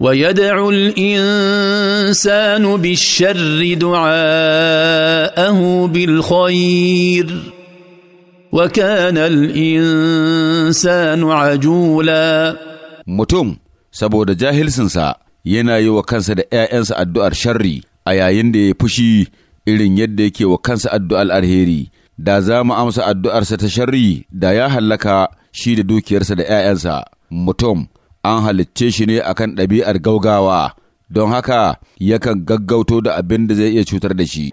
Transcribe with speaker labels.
Speaker 1: ويدعو الانسان بالشر دعاءه بالخير وكان الانسان عجولا
Speaker 2: mutum saboda jahilsinsa, yana yi wa kansa da ‘ya'yansa addu'ar sharri a yayin da ya fushi irin yadda yake wa kansa addu'ar alheri da za mu amsa addu'arsa ta sharri da ya hallaka shi da dukiyarsa da ‘ya'yansa mutum an halicce shi ne akan ɗabi'ar gaugawa, don haka yakan gaggauto da abin da zai iya cutar da shi.